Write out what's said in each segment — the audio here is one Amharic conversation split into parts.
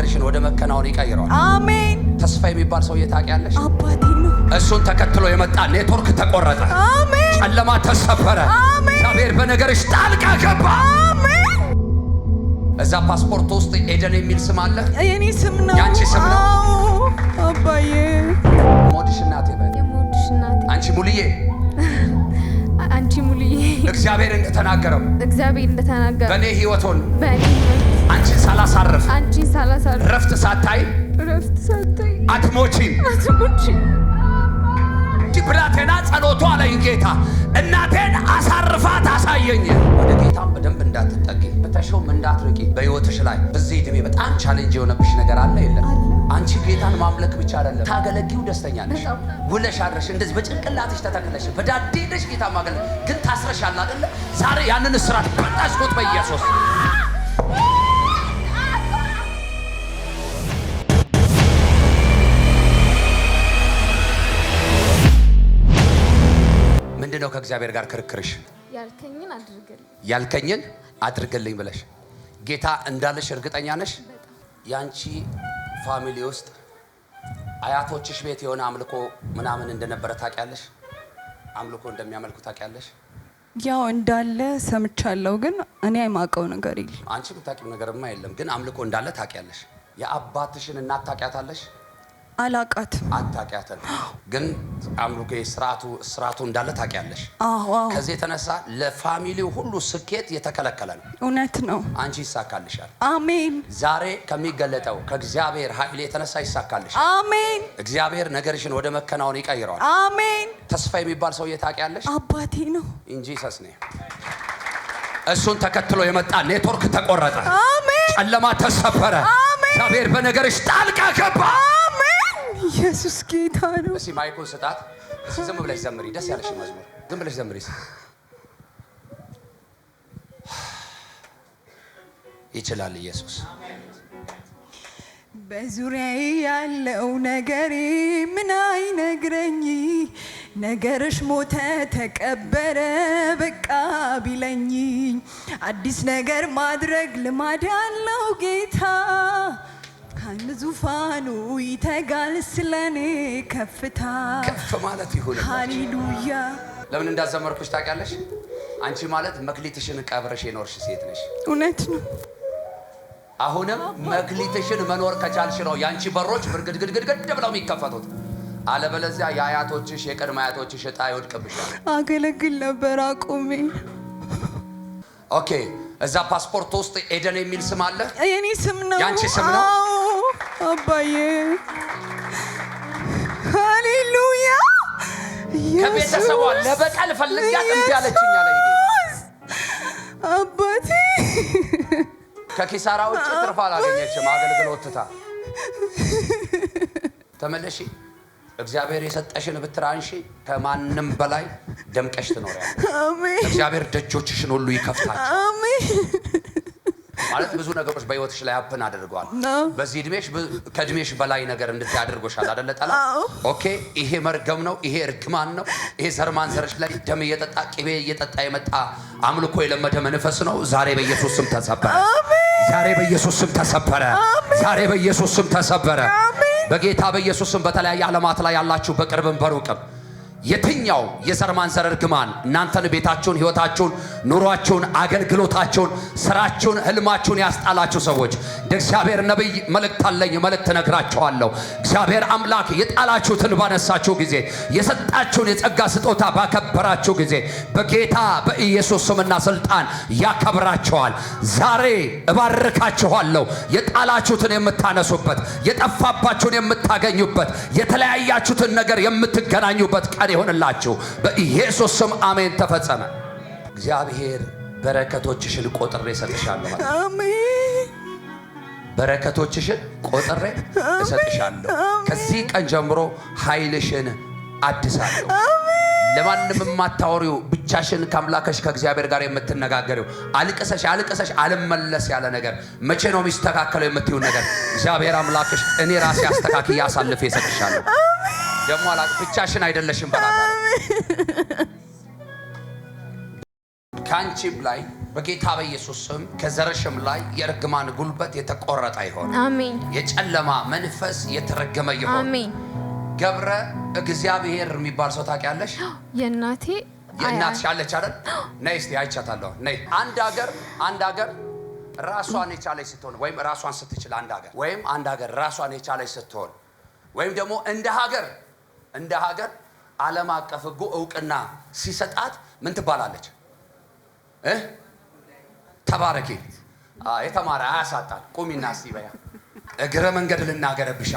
ነገርሽን ወደ መከናወን ይቀይረዋል። አሜን። ተስፋ የሚባል ሰውዬ ታውቂያለሽ? አባቴ ነው። እሱን ተከትሎ የመጣ ኔትወርክ ተቆረጠ። አሜን። ጨለማ ተሰፈረ። አሜን። እግዚአብሔር በነገርሽ ጣልቃ ገባ። አሜን። እዛ ፓስፖርት ውስጥ ኤደን የሚል ስም አለ። የኔ ስም ነው። ያንቺ ስም ነው። አባዬ ሞዲሽ እናቴ በል የሞዲሽ እናቴ አንቺ ሙልዬ አንቺ ሙልዬ እግዚአብሔር እንደተናገረው እግዚአብሔር እንደተናገረው በእኔ ህይወቶን በእኔ ሳታይ እንጂ ብላቴና ጸሎቱ አለኝ ጌታ እናቴን አሳርፋት አሳየኝ። ወደ ጌታም በደንብ እንዳትጠጊ፣ በተሾም እንዳትርቂ። በሕይወትሽ ላይ በዚህ ዕድሜ በጣም ቻሌንጅ የሆነብሽ ነገር አለ የለም? አንቺ ጌታን ማምለክ ብቻ አይደለም ታገለጊው፣ ደስተኛ ነሽ፣ ውለሽ አድረሽ፣ እንደዚህ በጭንቅላትሽ ተተክለሽ በዳዴ ነሽ ጌታ ማገለ ግን ታስረሻል አይደለ? ዛሬ ያንን እስራት በጣሽ ቁጥ በኢየሱስ ነው ከእግዚአብሔር ጋር ክርክርሽ? ያልከኝን አድርግልኝ ያልከኝን ብለሽ ጌታ እንዳለሽ እርግጠኛ ነሽ? ያንቺ ፋሚሊ ውስጥ አያቶችሽ ቤት የሆነ አምልኮ ምናምን እንደነበረ ታውቂያለሽ? አምልኮ እንደሚያመልኩ ታውቂያለሽ? ያው እንዳለ ሰምቻለሁ፣ ግን እኔ የማውቀው ነገር የለም። አንቺ የምታውቂው ነገርማ የለም፣ ግን አምልኮ እንዳለ ታውቂያለሽ። የአባትሽን እናት ታውቂያታለሽ? አላቃት አታውቂያትም፣ ግን አምልኮ ስርዓቱ ስርዓቱ እንዳለ ታውቂያለሽ። ከዚህ የተነሳ ለፋሚሊው ሁሉ ስኬት የተከለከለ ነው። እውነት ነው። አንቺ ይሳካልሻል። አሜን። ዛሬ ከሚገለጠው ከእግዚአብሔር ኃይል የተነሳ ይሳካልሻል። አሜን። እግዚአብሔር ነገርሽን ወደ መከናወን ይቀይረዋል። አሜን። ተስፋ የሚባል ሰውዬ ታውቂያለሽ? አባቴ ነው እንጂ ሰስኔ እሱን ተከትሎ የመጣ ኔትወርክ ተቆረጠ። ጨለማ ተሰበረ። እግዚአብሔር በነገርሽ ጣልቃ ገባ። ኢየሱስ ጌታ ነው። እስኪ ማይኩን ስጣት። እስኪ ዝም ብለሽ ዘምሪ፣ ደስ ያለሽ መዝሙር ዝም ብለሽ ዘምሪ። ይችላል ኢየሱስ። በዙሪያዬ ያለው ነገር ምን አይነግረኝ፣ ነገርሽ ሞተ ተቀበረ በቃ ቢለኝ፣ አዲስ ነገር ማድረግ ልማድ ያለው ጌታ ቀን ዙፋኑ ይተጋል ስለኔ ከፍታ ከፍ ማለት ይሁን። ሃሌሉያ። ለምን እንዳዘመርኩሽ ታውቂያለሽ? አንቺ ማለት መክሊትሽን ቀብረሽ የኖርሽ ሴት ነሽ። እውነት ነው። አሁንም መክሊትሽን መኖር ከቻልሽ ነው የአንቺ በሮች ብርግድግድግድግድ ብለው የሚከፈቱት። አለበለዚያ የአያቶችሽ የቅድመ አያቶችሽ እጣ ይወድቅብሻል። አገለግል ነበር አቁሜ። ኦኬ እዛ ፓስፖርት ውስጥ ኤደን የሚል ስም አለ። የኔ ስም ነው። የአንቺ ስም ነው። አባዬ ሃሌሉያ። ከቤተሰቧ ለበቀል ፈልጋ እምቢ አለችኝ አለ አባቴ። ከኪሳራ ውጭ ትርፍ አላገኘችም። አገልግሎት ትታ ተመለሺ። እግዚአብሔር የሰጠሽን ብትር አንሺ። ከማንም በላይ ደምቀሽ ትኖሪያለሽ። እግዚአብሔር ደጆችሽን ሁሉ ይከፍታል። አሜን። ማለት ብዙ ነገሮች በህይወትሽ ላይ አፕን አድርገዋል። በዚህ እድሜሽ ከእድሜሽ በላይ ነገር እንድታደርጎሻል አደለ ጠላ። ኦኬ ይሄ መርገም ነው፣ ይሄ እርግማን ነው። ይሄ ዘርማን ማንዘርሽ ላይ ደም እየጠጣ ቅቤ እየጠጣ የመጣ አምልኮ የለመደ መንፈስ ነው። ዛሬ በኢየሱስ ስም ተሰበረ። ዛሬ በኢየሱስ ስም ተሰበረ። ዛሬ በኢየሱስ ስም ተሰበረ። በጌታ በኢየሱስ ስም በተለያየ ዓለማት ላይ ያላችሁ በቅርብም በሩቅም የትኛው የዘር ማንዘር እርግማን እናንተን ቤታችሁን፣ ህይወታችሁን፣ ኑሯችሁን፣ አገልግሎታችሁን፣ ስራችሁን፣ ህልማችሁን ያስጣላችሁ ሰዎች እንደ እግዚአብሔር ነቢይ መልእክት አለኝ፣ መልእክት እነግራችኋለሁ። እግዚአብሔር አምላክ የጣላችሁትን ባነሳችሁ ጊዜ፣ የሰጣችሁን የጸጋ ስጦታ ባከበራችሁ ጊዜ በጌታ በኢየሱስ ስምና ስልጣን ያከብራችኋል። ዛሬ እባርካችኋለሁ። የጣላችሁትን የምታነሱበት፣ የጠፋባችሁን የምታገኙበት፣ የተለያያችሁትን ነገር የምትገናኙበት ቀን ዘመን ይሆንላችሁ። በኢየሱስ ስም አሜን። ተፈጸመ። እግዚአብሔር በረከቶችሽን ቆጥሬ እሰጥሻለሁ። በረከቶችሽን ቆጥሬ እሰጥሻለሁ። ከዚህ ቀን ጀምሮ ኃይልሽን አድሳለሁ። ለማንም የማታወሪው ብቻሽን ከአምላከሽ ከእግዚአብሔር ጋር የምትነጋገሪው አልቅሰሽ አልቅሰሽ አልመለስ ያለ ነገር መቼ ነው የሚስተካከለው የምትይው ነገር እግዚአብሔር አምላክሽ እኔ ራሴ አስተካክዬ አሳልፌ እሰጥሻለሁ። ደግሞ አላቅ ብቻሽን አይደለሽም በላት አለ። ከአንቺም ላይ በጌታ በኢየሱስ ስም ከዘረሽም ላይ የእርግማን ጉልበት የተቆረጠ ይሆን። አሜን። የጨለማ መንፈስ የተረገመ ይሆን። አሜን። ገብረ እግዚአብሔር የሚባል ሰው ታውቂያለሽ? የእናቴ የእናትሽ አለች አይደል? ነይ እስቲ አይቻታለሁ። ነይ አንድ ሀገር አንድ ሀገር ራሷን የቻለች ስትሆን ወይም ራሷን ስትችል አንድ ሀገር ወይም አንድ ሀገር ራሷን የቻለች ስትሆን ወይም ደግሞ እንደ ሀገር እንደ ሀገር ዓለም አቀፍ ህጉ እውቅና ሲሰጣት ምን ትባላለች? ተባረኪ። የተማረ አያሳጣል። ቁሚና እስቲ በያ እግረ መንገድ ልናገረብሻ።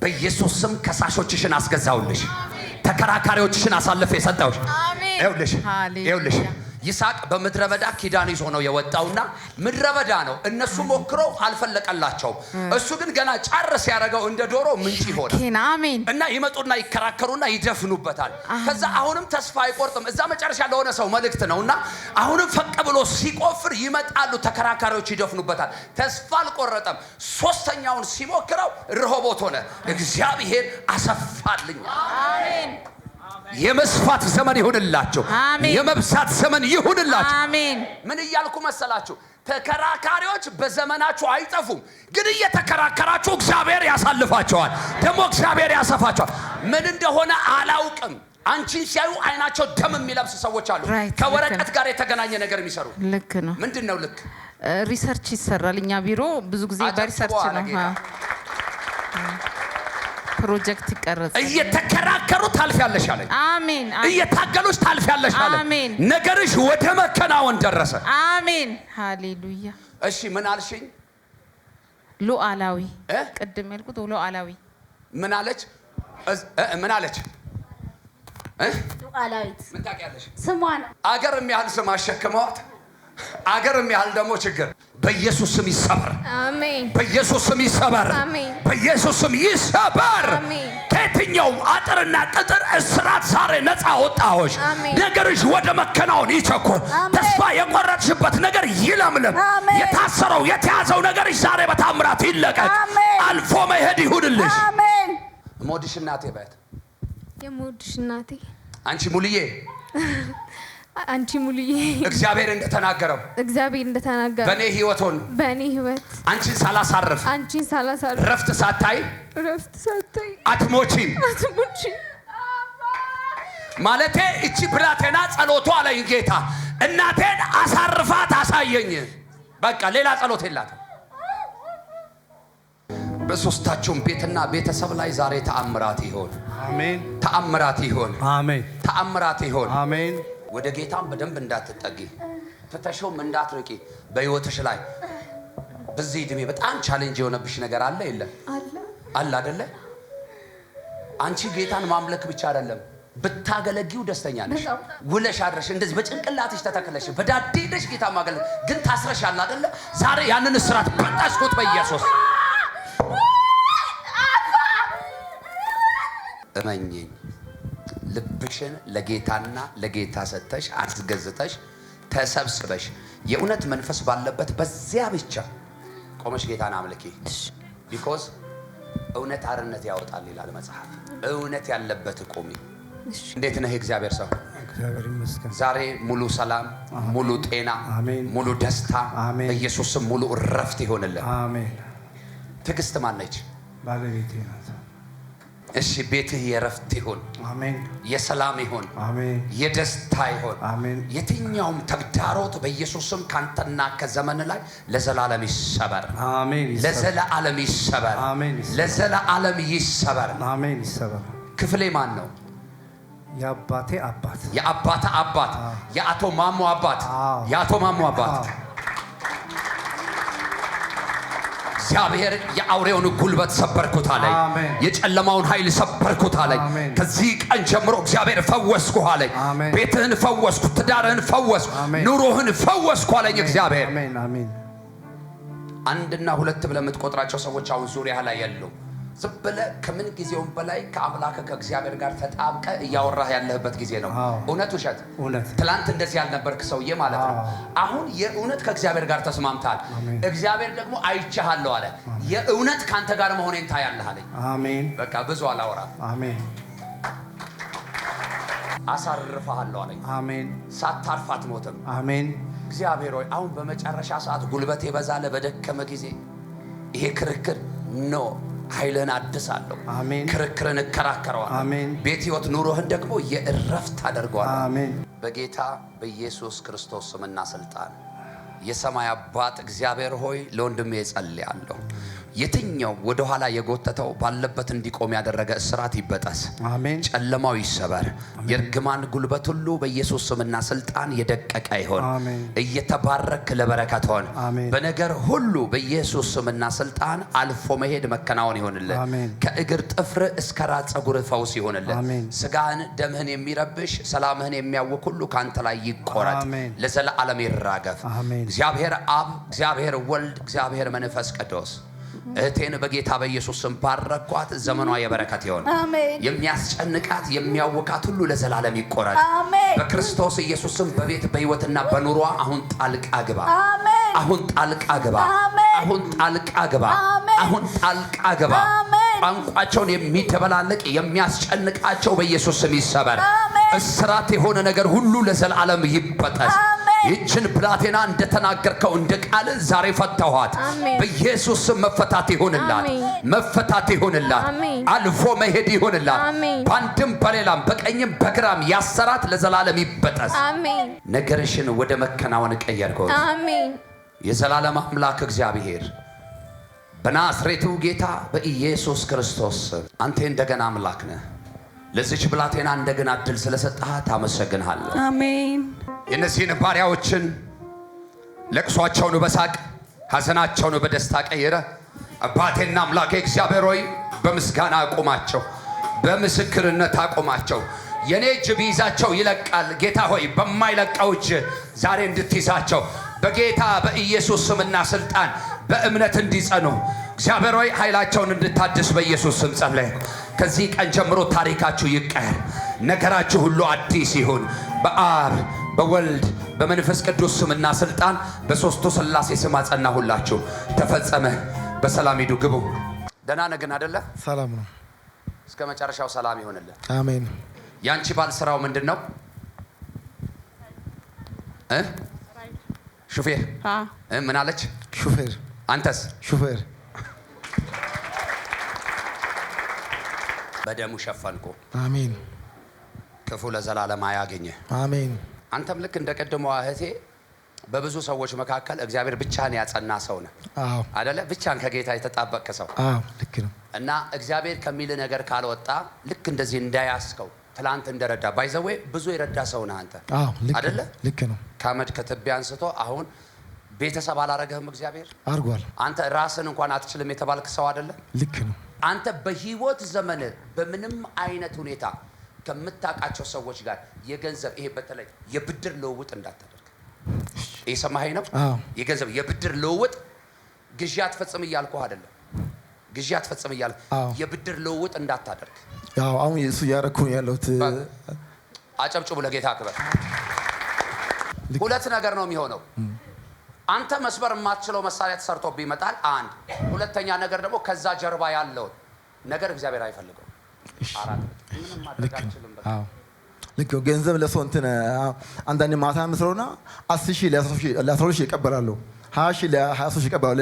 በኢየሱስ ስም ከሳሾችሽን አስገዛውልሽ፣ ተከራካሪዎችሽን አሳልፈ የሰጠውሽ ይኸውልሽ፣ ይኸውልሽ ይስሐቅ በምድረ በዳ ኪዳን ይዞ ነው የወጣውና ምድረ በዳ ነው። እነሱ ሞክረው አልፈለቀላቸውም። እሱ ግን ገና ጫር ሲያደርገው እንደ ዶሮ ምንጭ ይሆናል እና ይመጡና ይከራከሩና ይደፍኑበታል። ከዛ አሁንም ተስፋ አይቆርጥም። እዛ መጨረሻ ለሆነ ሰው መልእክት ነው እና አሁንም ፈቅ ብሎ ሲቆፍር ይመጣሉ ተከራካሪዎች፣ ይደፍኑበታል። ተስፋ አልቆረጠም። ሶስተኛውን ሲሞክረው ርሆቦት ሆነ። እግዚአብሔር አሰፋልኝ። የመስፋት ዘመን ይሁንላችሁ። የመብሳት ዘመን ይሁንላችሁ። አሜን። ምን እያልኩ መሰላችሁ? ተከራካሪዎች በዘመናችሁ አይጠፉም፣ ግን እየተከራከራችሁ እግዚአብሔር ያሳልፋቸዋል፣ ደግሞ እግዚአብሔር ያሰፋቸዋል። ምን እንደሆነ አላውቅም። አንቺን ሲያዩ አይናቸው ደም የሚለብስ ሰዎች አሉ፣ ከወረቀት ጋር የተገናኘ ነገር የሚሰሩ ልክ ነው። ምንድን ነው ልክ ሪሰርች ይሰራል። እኛ ቢሮ ብዙ ጊዜ በሪሰርች ነው ፕሮጀክት ይቀረጽ። እየተከራከሩ ታልፊያለሽ አለኝ። አሜን። እየታገሉሽ ታልፊያለሽ አለኝ። አሜን። ነገርሽ ወደ መከናወን ደረሰ። አሜን። ሃሌሉያ። እሺ ምን አልሽኝ? ሉዓላዊ ቅድም ያልኩት ሉዓላዊ ምን አለች? ምን አለች? ሉዓላዊት ምን ታውቂያለሽ? ስሟ ነው። አገር የሚያህል ስም አሸክመዋት፣ አገር የሚያህል ደግሞ ችግር በኢየሱስ ስም ይሰበር፣ በኢየሱስ ስም ይሰበር፣ በኢየሱስ ስም ይሰበር። ከየትኛውም አጥርና ቅጥር እስራት ዛሬ ነፃ ወጣዎች። ነገርሽ ወደ መከናወን ይቸኩል። ተስፋ የቆረጥሽበት ነገር ይለምልም። የታሰረው የተያዘው ነገርሽ ዛሬ በታምራት ይለቀቅ። አልፎ መሄድ ይሁንልሽ። ሞድሽ እናቴ በት የሞድሽ እናቴ አንቺ ሙልዬ አንቺ ሙሉዬ እግዚአብሔር እንደተናገረው እግዚአብሔር እንደተናገረው በእኔ ህይወት ሆኖ በእኔ ህይወት አንቺን ሳላሳርፍ አንቺን ሳላሳርፍ ረፍት ሳታይ ረፍት ሳታይ አትሞቺም አትሞቺም ማለቴ እቺ ብላቴና ጸሎቷ አለኝ ጌታ እናቴን አሳርፋት አሳየኝ። በቃ ሌላ ጸሎት የላት በሶስታችሁም ቤትና ቤተሰብ ላይ ዛሬ ተአምራት ይሆን። ተአምራት ይሆን። ተአምራት ይሆን። ወደ ጌታም በደንብ እንዳትጠጊ ትተሽውም እንዳትርቂ። በህይወትሽ ላይ በዚህ እድሜ በጣም ቻሌንጅ የሆነብሽ ነገር አለ የለ? አለ አደለ? አንቺ ጌታን ማምለክ ብቻ አይደለም ብታገለጊው ደስተኛ ነሽ። ውለሽ አድረሽ እንደዚህ በጭንቅላትሽ ተተክለሽ በዳዴ ደሽ ጌታ ማገለግ ግን ታስረሽ አለ አደለ? ዛሬ ያንን እስራት በጣሽኮት በኢየሱስ እመኝኝ። ልብሽን ለጌታና ለጌታ ሰጥተሽ አስገዝተሽ ተሰብስበሽ የእውነት መንፈስ ባለበት በዚያ ብቻ ቆመሽ ጌታን አምልኪ። ቢኮዝ እውነት አርነት ያወጣል ይላል መጽሐፍ። እውነት ያለበት ቁሚ። እንዴት ነህ እግዚአብሔር ሰው? ዛሬ ሙሉ ሰላም፣ ሙሉ ጤና፣ ሙሉ ደስታ፣ ኢየሱስም ሙሉ እረፍት ይሆንልን። ትዕግስት ማነች? ባለቤቴ ናት። እሺ ቤትህ የረፍት ይሁን፣ የሰላም ይሁን፣ የደስታ ይሁን። የትኛውም ተግዳሮት በኢየሱስም ካንተና ከዘመን ላይ ለዘላለም ይሰበር፣ ለዘላለም ይሰበር፣ ለዘላለም ይሰበር። ክፍሌ ማን ነው? የአባቴ አባት፣ የአባተ አባት፣ የአቶ ማሞ አባት፣ የአቶ ማሞ አባት እግዚአብሔር የአውሬውን ጉልበት ሰበርኩት አለኝ። የጨለማውን ኃይል ሰበርኩት አለኝ። ከዚህ ቀን ጀምሮ እግዚአብሔር ፈወስኩ አለኝ። ቤትህን ፈወስኩ፣ ትዳርህን ፈወስኩ፣ ኑሮህን ፈወስኩ አለኝ። እግዚአብሔር አንድና ሁለት ብለህ የምትቆጥራቸው ሰዎች አሁን ዙሪያ ላይ የሉም። ዝም ብለህ ከምን ጊዜውም በላይ ከአምላክ ከእግዚአብሔር ጋር ተጣብቀ እያወራህ ያለህበት ጊዜ ነው። እውነት ውሸት፣ ትላንት እንደዚህ ያልነበርክ ሰውዬ ማለት ነው። አሁን የእውነት ከእግዚአብሔር ጋር ተስማምተሃል። እግዚአብሔር ደግሞ አይቻሃለሁ አለ። የእውነት ከአንተ ጋር መሆኔን ታያለህ አለኝ። በቃ ብዙ አላወራም። አሳርፈሃለሁ አለኝ። አሜን። ሳታርፍ አትሞትም። አሜን። እግዚአብሔር ሆይ አሁን በመጨረሻ ሰዓት ጉልበት የበዛለ በደከመ ጊዜ ይሄ ክርክር ኖ ኃይልን አድሳለሁ። ክርክርን እከራከረዋለሁ። ቤት ህይወት፣ ኑሮህን ደግሞ የእረፍት አደርገዋለሁ። በጌታ በኢየሱስ ክርስቶስ ስምና ስልጣን የሰማይ አባት እግዚአብሔር ሆይ ለወንድሜ እጸልያለሁ። የትኛው ወደ ኋላ የጎተተው ባለበት እንዲቆም ያደረገ እስራት ይበጠስ፣ ጨለማው ይሰበር፣ የእርግማን ጉልበት ሁሉ በኢየሱስ ስምና ስልጣን የደቀቀ ይሆን። እየተባረክ ለበረከት ሆን። በነገር ሁሉ በኢየሱስ ስምና ስልጣን አልፎ መሄድ መከናወን ይሆንልን። ከእግር ጥፍር እስከ ራስ ጸጉር ፈውስ ይሆንልን። ስጋህን ደምህን የሚረብሽ ሰላምህን የሚያውክ ሁሉ ከአንተ ላይ ይቆረጥ፣ ለዘለዓለም ይራገፍ። እግዚአብሔር አብ፣ እግዚአብሔር ወልድ፣ እግዚአብሔር መንፈስ ቅዱስ እህቴን በጌታ በኢየሱስ ስም ባረኳት። ዘመኗ የበረከት ይሆን። የሚያስጨንቃት የሚያውቃት ሁሉ ለዘላለም ይቆረጥ። በክርስቶስ ኢየሱስ ስም በቤት በህይወትና በኑሯ አሁን ጣልቃ ግባ። አሁን ጣልቃ ግባ። አሁን ጣልቃ ግባ። አሁን ጣልቃ ግባ። ቋንቋቸውን የሚተበላለቅ የሚያስጨንቃቸው በኢየሱስ ስም ይሰበር። እስራት የሆነ ነገር ሁሉ ለዘላለም ይበጠስ። ይችን ብላቴና እንደተናገርከው እንደ ቃል ዛሬ ፈታኋት። በኢየሱስ መፈታት ይሆንላት፣ መፈታት ይሆንላት፣ አልፎ መሄድ ይሆንላት። በአንድም በሌላም በቀኝም በግራም ያሰራት ለዘላለም ይበጠስ። ነገርሽን ወደ መከናወን ቀየርከው። የዘላለም አምላክ እግዚአብሔር በናስሬቱ ጌታ በኢየሱስ ክርስቶስ አንተ እንደገና አምላክ ነህ። ለዚች ብላቴና እንደገና እድል ስለሰጠሃት አመሰግንሃለሁ። አሜን። የእነዚህን ባሪያዎችን ለቅሷቸውን በሳቅ ሐዘናቸውን በደስታ ቀይረ አባቴና አምላኬ እግዚአብሔር ሆይ በምስጋና አቁማቸው፣ በምስክርነት አቁማቸው። የኔ እጅ ቢይዛቸው ይለቃል። ጌታ ሆይ በማይለቀው እጅ ዛሬ እንድትይዛቸው በጌታ በኢየሱስ ስምና ስልጣን በእምነት እንዲጸኑ እግዚአብሔር ሆይ ኃይላቸውን እንድታድስ በኢየሱስ ስም ጸለይ። ከዚህ ቀን ጀምሮ ታሪካችሁ ይቀር ነገራችሁ ሁሉ አዲስ ይሁን። በአብ በወልድ በመንፈስ ቅዱስ ስምና ስልጣን በሦስቱ ሥላሴ ስም አጸናሁላችሁ። ተፈጸመ። በሰላም ሂዱ፣ ግቡ። ደህና ነህ ግን አይደለ? ሰላም ነው። እስከ መጨረሻው ሰላም ይሆንልን። አሜን። ያንቺ ባል ስራው ምንድን ነው? ሹፌር። ምን አለች? ሹፌር። አንተስ? ሹፌር በደሙ ሸፈንኩ። አሜን። ክፉ ለዘላለም አያገኘ። አሜን። አንተም ልክ እንደ ቀድሞዋ እህቴ በብዙ ሰዎች መካከል እግዚአብሔር ብቻን ያጸና ሰው ነ አደለ? ብቻን ከጌታ የተጣበቅ ሰው ልክ ነው። እና እግዚአብሔር ከሚል ነገር ካልወጣ ልክ እንደዚህ እንዳያስከው ትላንት እንደረዳ ባይዘዌ ብዙ የረዳ ሰው ነ አንተ አደለ? ልክ ነው። ከአመድ ከትቢያ አንስቶ አሁን ቤተሰብ አላረገህም። እግዚአብሔር አርጓል። አንተ ራስን እንኳን አትችልም የተባልክ ሰው አደለ? ልክ ነው። አንተ በህይወት ዘመን በምንም አይነት ሁኔታ ከምታውቃቸው ሰዎች ጋር የገንዘብ ይሄ በተለይ የብድር ልውውጥ እንዳታደርግ። ይህ ሰማኸኝ ነው። የገንዘብ የብድር ልውውጥ ግዢ አትፈጽም እያልኩ አይደለም። ግዢ አትፈጽም እያል የብድር ልውውጥ እንዳታደርግ። አሁን እሱ እያደረኩ ያለሁት አጨብጭቡ ለጌታ ክብር። ሁለት ነገር ነው የሚሆነው አንተ መስበር የማትችለው መሳሪያ ተሰርቶብህ ይመጣል። አንድ ሁለተኛ ነገር ደግሞ ከዛ ጀርባ ያለውን ነገር እግዚአብሔር አይፈልገው። ልክ ገንዘብ ለሰው እንትን አንዳንድ ማታ ምስለውና አስር ሺህ ለአስራ ሁለት ሺህ ይቀበላሉ፣ ሀያ ሺህ ለሀያ ሶስት ሺህ ይቀበላሉ።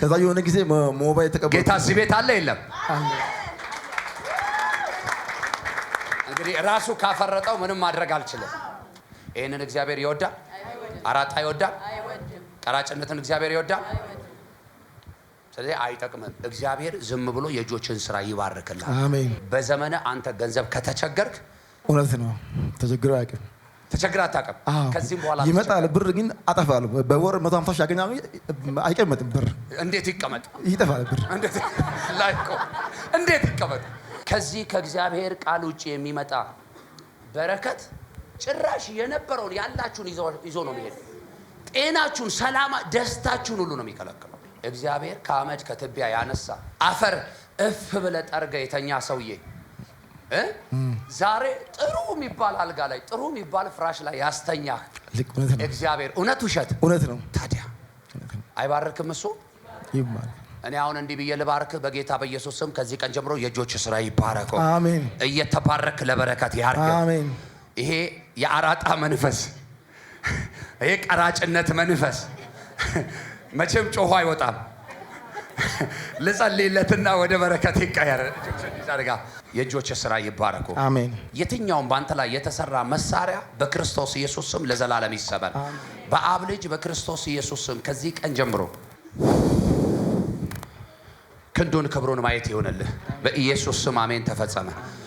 ከዛ የሆነ ጊዜ ሞባይል ተቀበሉ። ጌታ እዚህ ቤት አለ የለም? እንግዲህ ራሱ ካፈረጠው ምንም ማድረግ አልችልም። ይህንን እግዚአብሔር ይወዳል፣ አራጣ ይወዳል። ቀራጭነትን እግዚአብሔር ይወዳል። ስለዚህ አይጠቅምም። እግዚአብሔር ዝም ብሎ የእጆችን ስራ ይባርክልሃል። አሜን። በዘመነ አንተ ገንዘብ ከተቸገርክ እውነት ነው ተቸግሮ አያውቅም። ተቸግር አታውቅም። ከዚህም በኋላ ይመጣል። ብር ግን አጠፋሉ። በወር መቶ ሀምሳ ሺህ ያገኛሉ። አይቀመጥም። ብር እንዴት ይቀመጥ? ይጠፋል። ብር እንዴት ይቀመጥ? ከዚህ ከእግዚአብሔር ቃል ውጭ የሚመጣ በረከት ጭራሽ የነበረውን ያላችሁን ይዞ ነው የሚሄድ ጤናችሁን፣ ሰላማ፣ ደስታችሁን ሁሉ ነው የሚከለክለው። እግዚአብሔር ከአመድ ከትቢያ ያነሳ አፈር እፍ ብለ ጠርገ የተኛ ሰውዬ ዛሬ ጥሩ የሚባል አልጋ ላይ ጥሩ የሚባል ፍራሽ ላይ ያስተኛ እግዚአብሔር እውነት ውሸት እውነት ነው። ታዲያ አይባርክም እሱ? እኔ አሁን እንዲህ ብዬ ልባርክ በጌታ በኢየሱስ ስም። ከዚህ ቀን ጀምሮ የእጆች ስራ ይባረኩ። አሜን። እየተባረክ ለበረከት ያርግ። አሜን። ይሄ የአራጣ መንፈስ ይሄ ቀራጭነት መንፈስ መቼም ጮሆ አይወጣም። ልጸልይለትና ወደ በረከት ይቀየር። ጋ የእጆች ስራ ይባረኩ። አሜን። የትኛውም በአንተ ላይ የተሰራ መሳሪያ በክርስቶስ ኢየሱስ ስም ለዘላለም ይሰበር። በአብ ልጅ በክርስቶስ ኢየሱስ ስም ከዚህ ቀን ጀምሮ ክንዱን ክብሩን ማየት ይሆንልህ። በኢየሱስ ስም አሜን። ተፈጸመ።